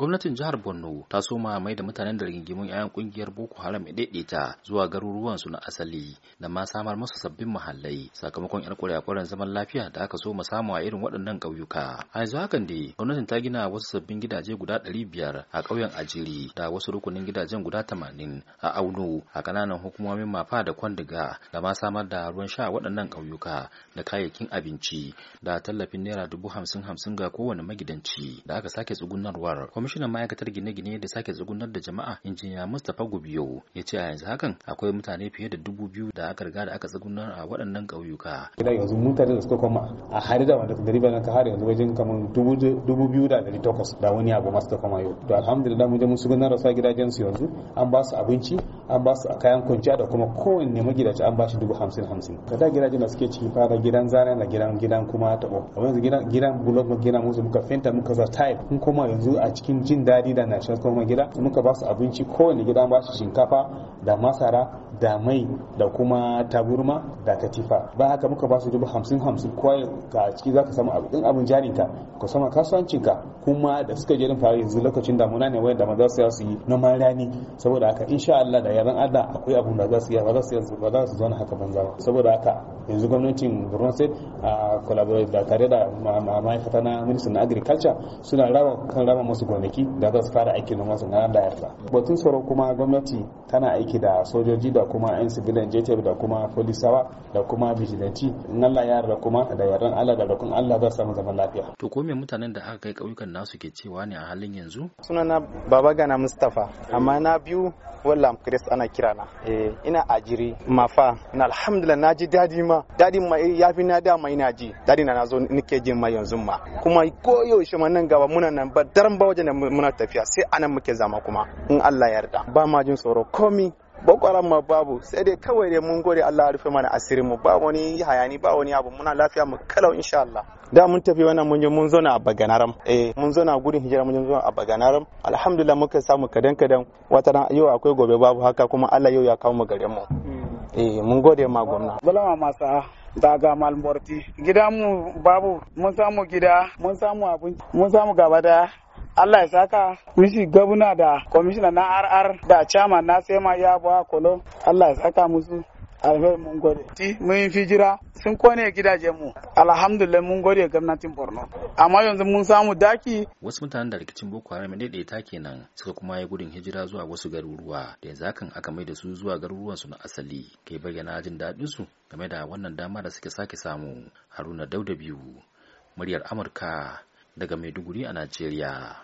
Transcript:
gwamnatin jihar borno ta soma mai da mutanen da rigingimun 'ya'yan kungiyar boko haram ya daidaita zuwa garuruwansu na asali da ma samar masu sabbin mahallai sakamakon yar kwarekwaren zaman lafiya da aka soma samu a irin waɗannan ƙauyuka a yanzu hakan dai gwamnatin ta gina wasu sabbin gidaje guda ɗari biyar a ƙauyen ajiri da wasu rukunin gidajen guda tamanin a auno a ƙananan hukumomin mafa da kwandiga da ma samar da ruwan sha a waɗannan ƙauyuka da kayayyakin abinci da tallafin naira dubu hamsin hamsin ga kowane magidanci da aka sake tsugunarwar kwamishinan ma'aikatar gine-gine da sake tsugunar da jama'a injiniya mustapha gubiyo ya ce a yanzu hakan akwai mutane fiye da dubu biyu da aka riga da aka tsugunar a waɗannan ƙauyuka idan yanzu mutane da suka koma a hari da wanda dari bayan ka hari yanzu wajen kamar dubu biyu da dari takwas da wani abu masu ta koma yau to alhamdulillah mun je mun tsugunar da sa gidajen su yanzu an ba su abinci an ba su kayan kwanciya da kuma kowanne magidaci an ba shi dubu hamsin hamsin ka da gidajen da suke ciki fara gidan zane da gidan gidan kuma taɓo kamar yanzu gidan bulog gidan musu muka fenta muka za tile in koma yanzu a cikin jin daɗi da nashar kuma gida muka ba su abinci kowane gida ba su shinkafa da masara damai da kuma taburma da katifa ba haka muka ba su dubu hamsin hamsin kawai ka ciki ka samu abu din abin jarinka ka sama kasuwancinka kuma da suka je din fara yanzu lokacin damuna ne wanda ma za su yi noman rani saboda haka insha Allah da yaran Allah akwai abun da za su yi ba za su ba za su zauna haka banza ba saboda haka yanzu gwamnatin Borno State a collaborate da tare da ma'aikata na Ministry na Agriculture suna raba kan raba musu gonaki da za su fara aikin noma su na da yarda batun tsaro kuma gwamnati tana aiki da sojoji da kuma 'yan sibilan jtf da kuma polisawa da kuma vigilanti in allah ya yarda kuma da yardan allah da rakun allah za samu zaman lafiya to ko me mutanen da aka kai kauyukan nasu ke cewa ne a halin yanzu Suna na baba gana mustapha amma na biyu wallam chris ana kirana eh ina ajiri mafa na alhamdulillah na ji dadi ma dadi ma eh, ya fi na da mai na ji dadi na nazo nike jin ma yanzu ma kuma ko yaushe ma nan gaba muna nan ba daren ba wajen da muna tafiya sai anan muke zama kuma in Allah ya yarda ba ma jin tsoro komi bakwaran ma babu sai dai kawai dai mun gode Allah ya rufe mana asirin mu ba wani hayani ba wani abu muna lafiya mu kalau insha Allah da mun tafi wannan mun je mun zo a Baganaram eh mun na gurin hijira mun zo a Baganaram alhamdulillah muka samu kadan kadan wata ran yau akwai gobe babu haka kuma Allah yau ya kawo mu gare mu hmm. eh mun gode ma gwamna bulama masa daga malmorti gida mu babu mun samu gida mun samu abinci mun samu gaba daya Allah ya saka misi gabuna da kwamishina na RR da chama na sema ya bawa kolo Allah ya saka musu alfai mun gode ti mun fi jira sun kone gidajen mu alhamdulillah mun gode gwamnatin Borno amma yanzu mun samu daki wasu mutanen da rikicin Boko Haram ne ta kenan suka kuma yi gudun hijira zuwa wasu garuruwa da yanzu hakan aka mai da su zuwa garuruwan su na asali ke bayyana jin daɗin su game da wannan dama da suke sake samu Haruna Dauda biyu muryar Amurka daga Maiduguri a Najeriya